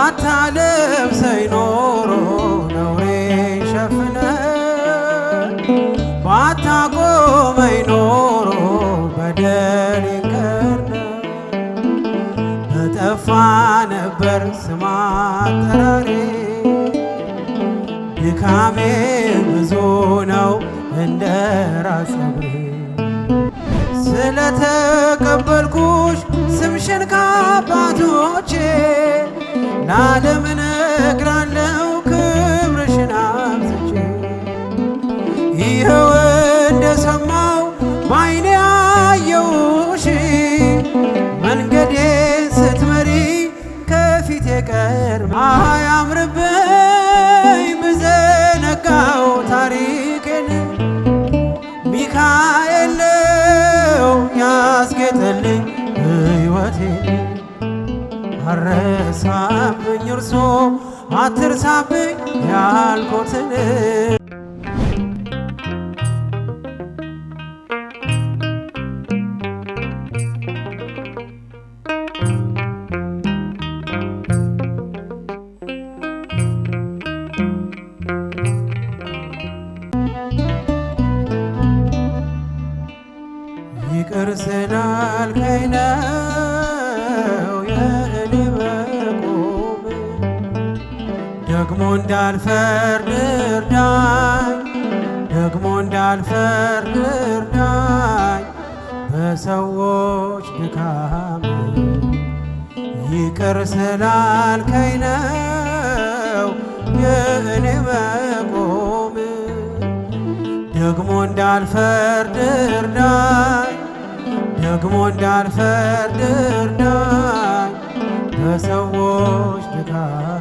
ባታለብሰኝ ኖሮ ነውሬ ሸፍነ ባታቆመኝ ኖሮ በደሌን ከድነ በጠፋ ነበር ስማ ጠራሬ ድካሜ ብዙ ነው እንደ ራስ ስለተቀበልኩሽ ስምሽን ከአባቶቼ ለዓለም እነግራለሁ ክብርሽን አብዝቼ ይኸው እንደሰማው ባይኔ አየሁሽ መንገዴን ስትመሪ ከፊቴ ቀርብ አያምርብን አትርሳብኝ ያልኮትን እንዳልፈርድ እርዳኝ፣ ደግሞ እንዳልፈርድ እርዳኝ። በሰዎች ድካም ይቅር ስላልከኝ ነው የእኔ መቆም። ደግሞ እንዳልፈርድ እርዳኝ፣ ደግሞ እንዳልፈርድ እርዳኝ። በሰዎች ድካም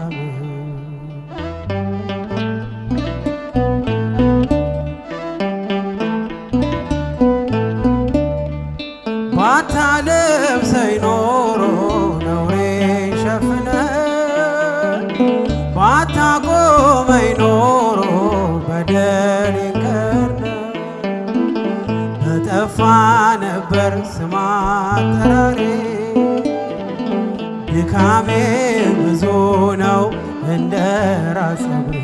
ተራሬ ድካሜ ብዙ ነው እንደ ራስ ሰብሬ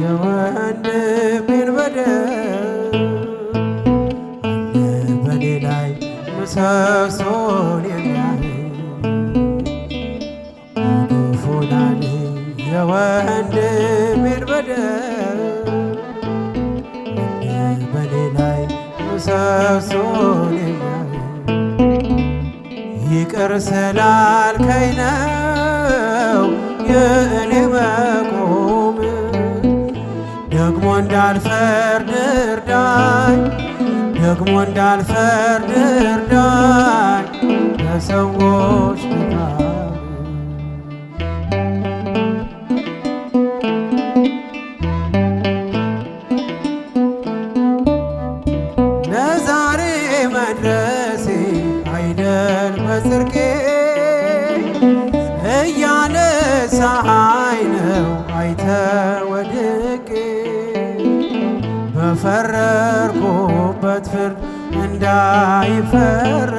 የወንድሜን በደል በኔ ላይ ምሰሶ ነፍሱን ይቅር ስላልከኝ ነው የእኔ መቆም። ደግሞ እንዳልፈርድ እርዳኝ፣ ደግሞ እንዳልፈርድ እርዳኝ በሰዎች እንዳይፈረድ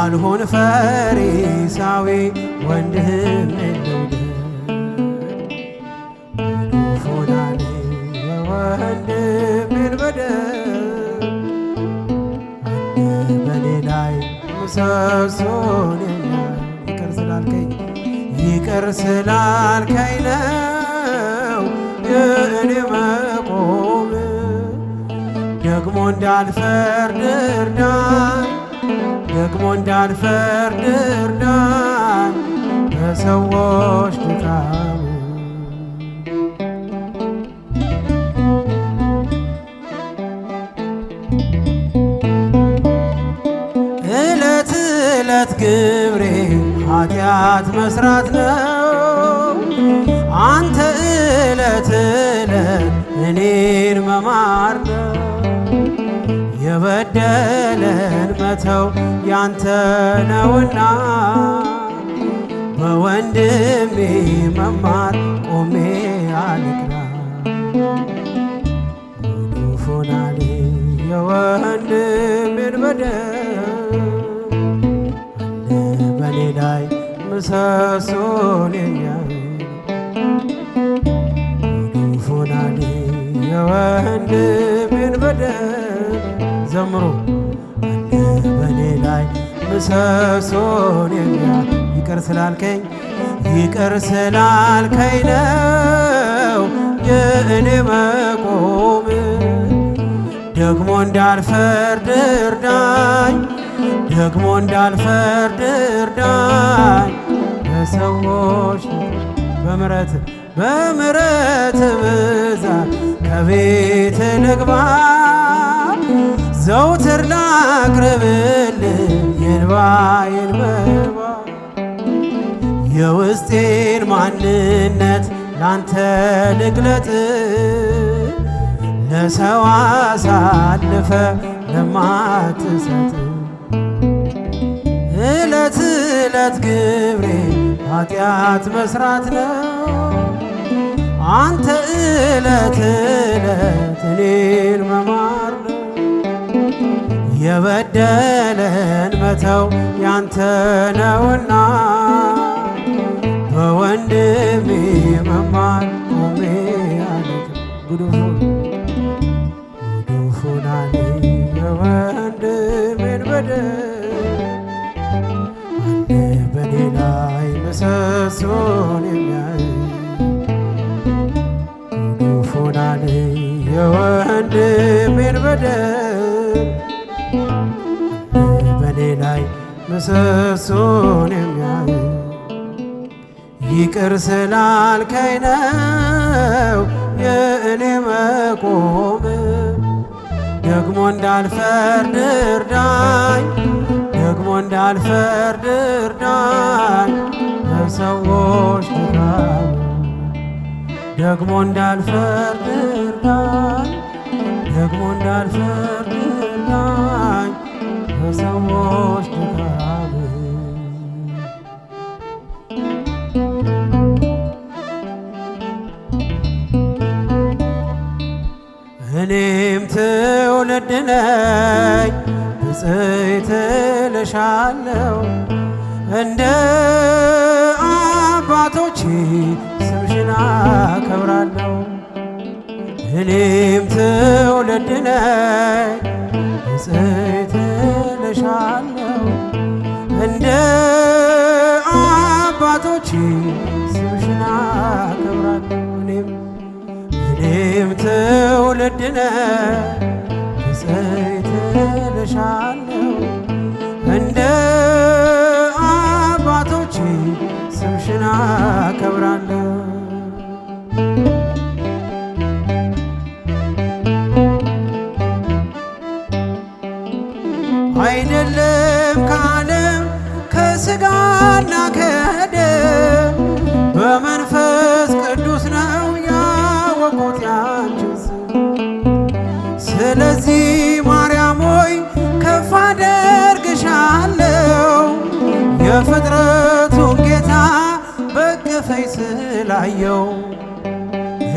አልሆን ፈሪሳዊ ወንድም ፎናኔ የወንድምን በደል በኔ ላይ ምሰሶን ይቅር ስላልከኝ ይቅር ስላልከኝ ነው የእኔ ደግሞ እንዳልፈርድ እርዳን፣ ደግሞ እንዳልፈርድ እርዳን በሰዎች ድካም እለት እለት ግብሬ ኃጢአት መስራት ነው አንተ እለት እለት እኔን መማ የበደለን መተው ያንተ ነውና በወንድሜ መማር ቆሜ የወንድሜን በደል በኔ ላይ ምሰሶን ጨምሩ አንድ በኔ ላይ ምሰሶን ይቅር ስላልከኝ ይቅር ስላልከኝ ነው የእኔ መቆም ደግሞ እንዳልፈርድ እርዳኝ ደግሞ እንዳልፈርድ እርዳኝ በሰዎች በምረት በምረት ብዛት ከቤት ልግባ ዘውትር ላቅርብል የእንባዬን መባ የውስጤን ማንነት ላንተ ልግለጥ ለሰው አሳልፈ ለማትሰጥ እለት እለት ግብሬ ኃጢአት መስራት ነው አንተ እለት እለት እኔን መማ የበደለን መተው ያንተ ነውና በወንድሜ መማር ቆሜ አለቅ ጉዱሁናኔ የወንድሜን በደል አንድ በኔ ላይ ምሰሶን የሚያይ የወንድሜን በደል ምሰሶን የሚያይ ይቅር ስላልከኝ ነው የእኔ መቆም ደግሞ እንዳልፈርድ እርዳኝ ደግሞ እንዳልፈርድ እርዳኝ በሰዎች ድካም ደግሞ እንዳልፈርድ እርዳኝ ደግሞ እንዳልፈርድ እርዳኝ በሰዎች ድካም እኔም ትውልድ ነኝ ብፅዕት እልሻለሁ እንደ አባቶቼ ስምሽን አከብራለሁ። እኔም ትውልድ ነኝ ብፅዕት እልሻለሁ እንደ አባቶቼ ይህም ትውልድነ ብፅዕትልሻለው እንደ አባቶች ስምሽና ከብራ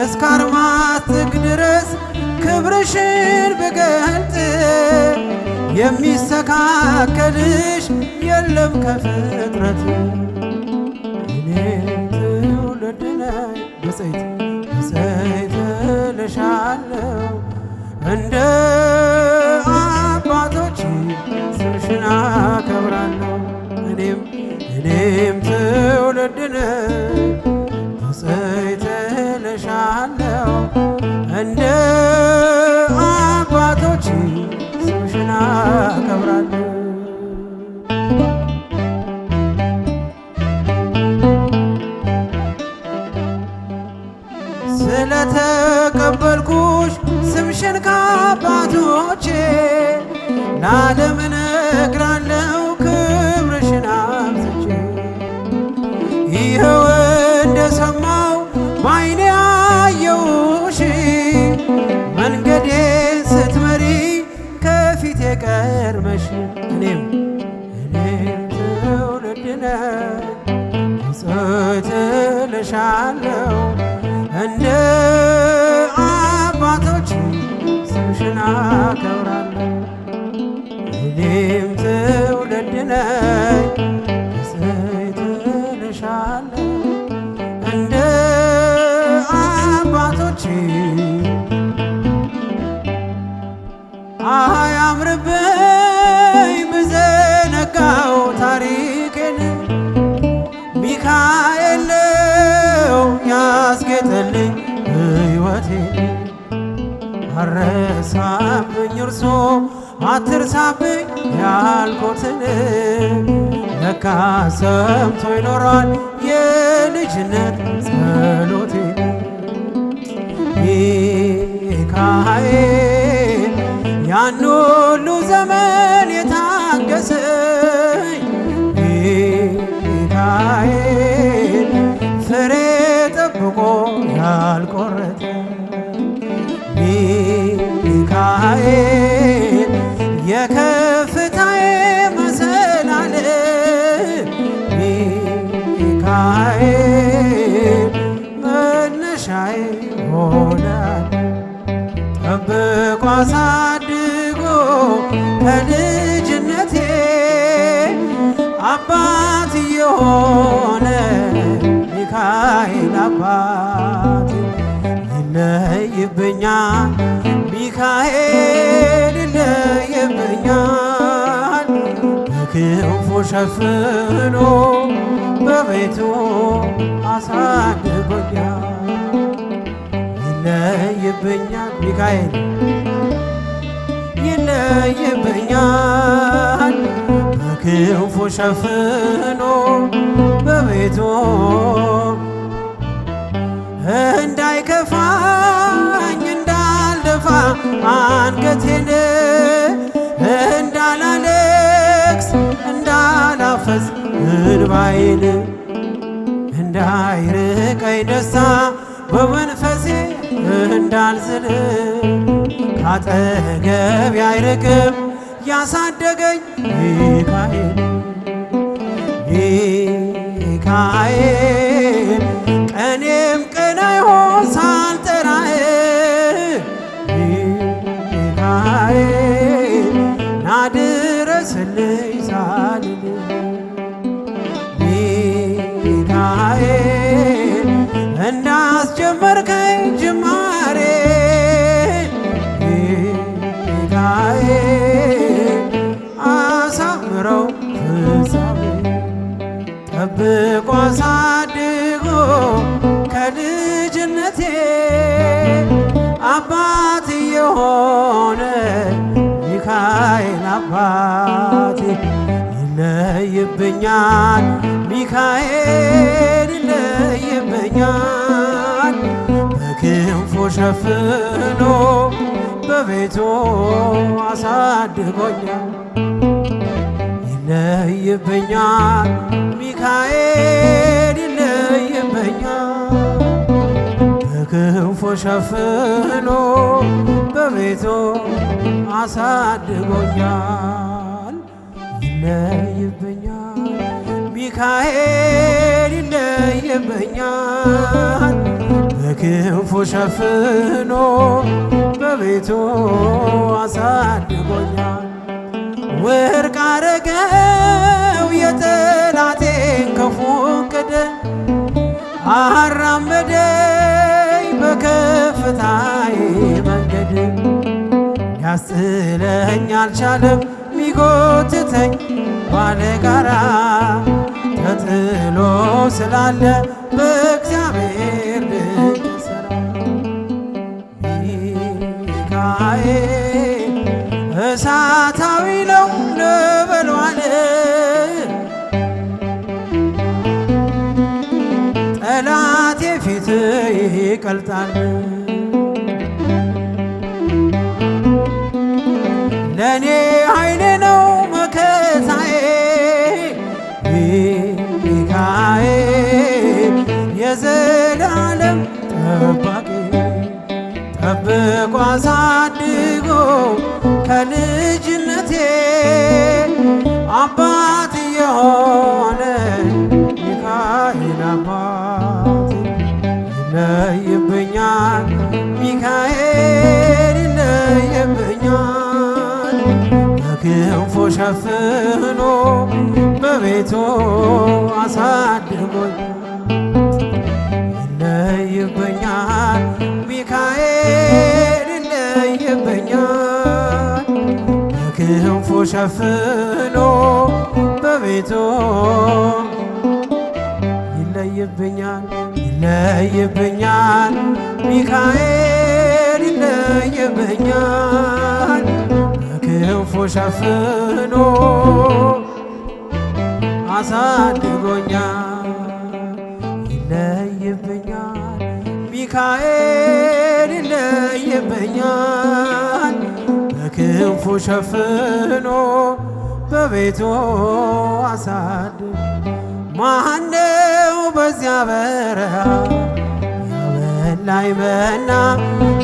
እስከ አርማትህ ድረስ ክብርሽን ብገልጥ የሚስተካከልሽ የለም ከፍጥረት። እኔ ትውልድ ነኝ ብፅዕት ብፅዕት እልሻለሁ እንደ አባቶች ስምሽን አከብራለሁ። እኔም እኔም ትውልድ ነኝ ብፅዕት አለው እንደ አባቶች ስምሽን አከብራለሁ። ስለተቀበልኩሽ ስምሽን ከአባቶቼ ለዓለምን ዛሬም ትውልድ ነይ ንጽሕት ትልሻለሽ እንደ አባቶች አያምርብኝ ብዘነጋው ታሪኬን ሚካኤል ነው ያስጌጠልኝ ህይወቴ አረሳብኝ እርሶ አትርሳብኝ ያልኩትን ለካ ሰምቶ ይኖራል የልጅነት ጸሎቴ ሚካኤል ያን ሁሉ ዘመን የታገሰኝ ሚካኤል ፍሬ ጠብቆ ያልቆረጠ ሚካኤል የከፍታዬ መሰላል ሚካኤል መነሻዬ ሆነ ጠብቆ አሳድጎ ከልጅነቴ አባት የሆነ ሚካኤል አባት ይለይብኛል ሚካኤል ሸፍኖ በቤቱ አሳድጎኛል። ይለይብኛል ሚካኤል ይለይብኛል በክንፉ ሸፍኖ በቤቱ እንዳይከፋኝ እንዳልደፋ አንገቴን እንዳላለ እንዳላፈስ እንባይል እንዳይርቀኝ ደስታ በመንፈሴ እንዳልዝል ካጠገብ አይርቅም ያሳደገኝ ሚካኤል ሚካኤል ቀኔም ቀን አይሆን ሳልጠራህ ሚካኤል ናድረስልኝ ጠላቴ ይለይብኛል፣ ሚካኤል ይለይብኛል። በክንፎ ሸፍኖ በቤቱ አሳድጎኛል። ይለይብኛል፣ ሚካኤል ይለይብኛል። በክንፎ ሸፍኖ በቤቱ አሳድጎኛል። ይለይብኛል ሚካኤል ይለይብኛል በክንፉ ሸፍኖ በቤቱ አሳድጎኛል። ወርቅ አረገው የጠላቴን ክፉ ቅድ አራመደኝ በከፍታዬ መንገድ ሊያስጥለኝ አልቻለም ሚጎትተኝ ባለጋራ ተጥሎ ስላለ በእግዚአብሔር ድንቅ ሚካኤል እሳታዊ ነው ነበልዋል ጠላቴ ፊት ይቀልጣል አሳድጎ ከልጅነቴ አባት የሆነ ሚካኤል አባት ይለይብኛል፣ ሚካኤል ይለይብኛል። በክንፎ ሸፍኖ በቤቱ ይለይብኛል ሚካኤል ይከበኛል በክንፉ ሸፍኖ በቤቱ ይለይብኛል ይለይብኛል ሚካኤል ይለይብኛል በክንፉ ሸፍኖ አሳድጎኛል ይለይብኛል ሚካኤል ይመኛል በክንፉ ሸፍኖ በቤቱ አሳድ ማነው በዚያ በረሃ ያበላኝ መና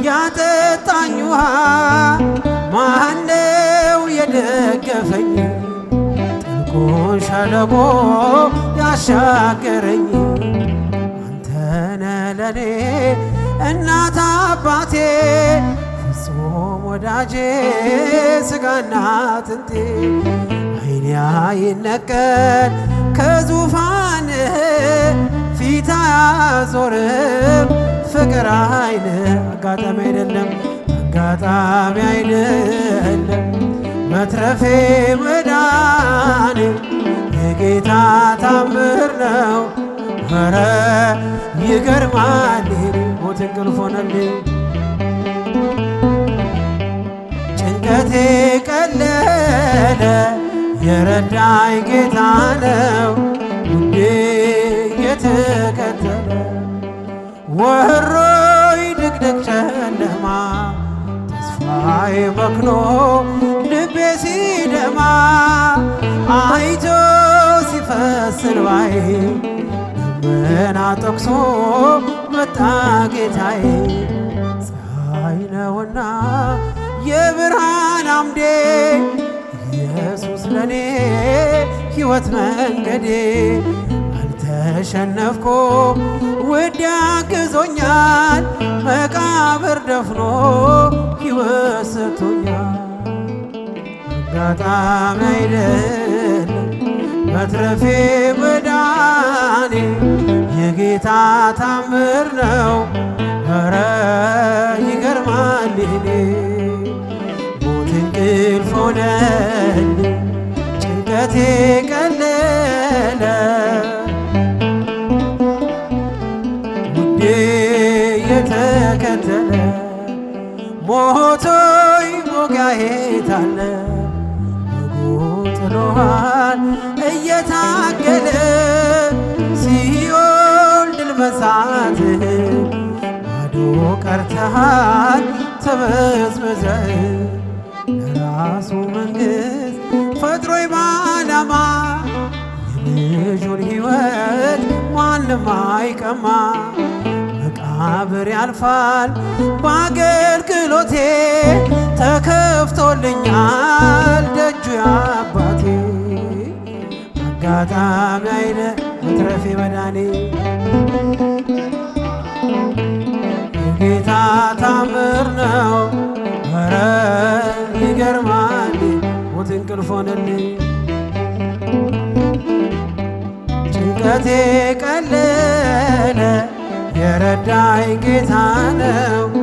ያጠጣኝ ውሃ ማነው የደገፈኝ ጥልቁን ሸለቆ ያሻገረኝ አንተነ ለኔ እናት አባቴ ፍጹም ወዳጄ ስጋና አጥንቴ አይኔ አይነቀል ከዙፋን ፊት አያዞርም ፍቅር አይን አጋጣሚ አይደለም አጋጣሚ አይደለም መትረፌ መዳኔ የጌታ ታምር ነው። ኧረ ይገርማል ሞት እንቅልፍ ሆነልኝ ጭንቀቴ ቀለለ የረዳኝ ጌታ ነው ውዴ የተከተለ ወሮይ ድቅድቅ ጨለማ ተስፋዬ በክኖ ልቤ ሲደማ አይቶ ሲፈስል ባይ ደመና ጠቅሶ መጣ ጌታዬ ፀሐይ ነውና የብርሃን አምዴ ኢየሱስ ለኔ ሕይወት መንገዴ አልተሸነፍኩም ውድ አግዞኛል መቃብር ደፍኖ ሕይወት ሰጥቶኛል አጋጣሚ አይደለም መትረፌ ለኔ የጌታ ታምር ነው። ኧረ ይገርማል ይኔ ሞት እንቅልፍ ሆነል ጭንቀቴ ቀለለ ውዴ የተከተለ ሞቶይ ሞጋዬ ታለ ጎጥሎዋል እየታገለ በመሳትህ ባዶ ቀርተሃል ተበዝበዘ ለራሱ መንግሥት ፈጥሮ ባላማ የልጁን ሕይወት ማንም አይቀማ። መቃብር ያልፋል በአገልግሎቴ ተከፍቶልኛል ደጁ አባቴ አጋጣሚ አይደል መትረፌ መዳኔ የጌታ ታምር ነው። ኧረ ይገርማል። ሞት እንቅልፍ ሆነልኝ ጭንቀቴ ቀለለ። የረዳኝ ጌታ ነው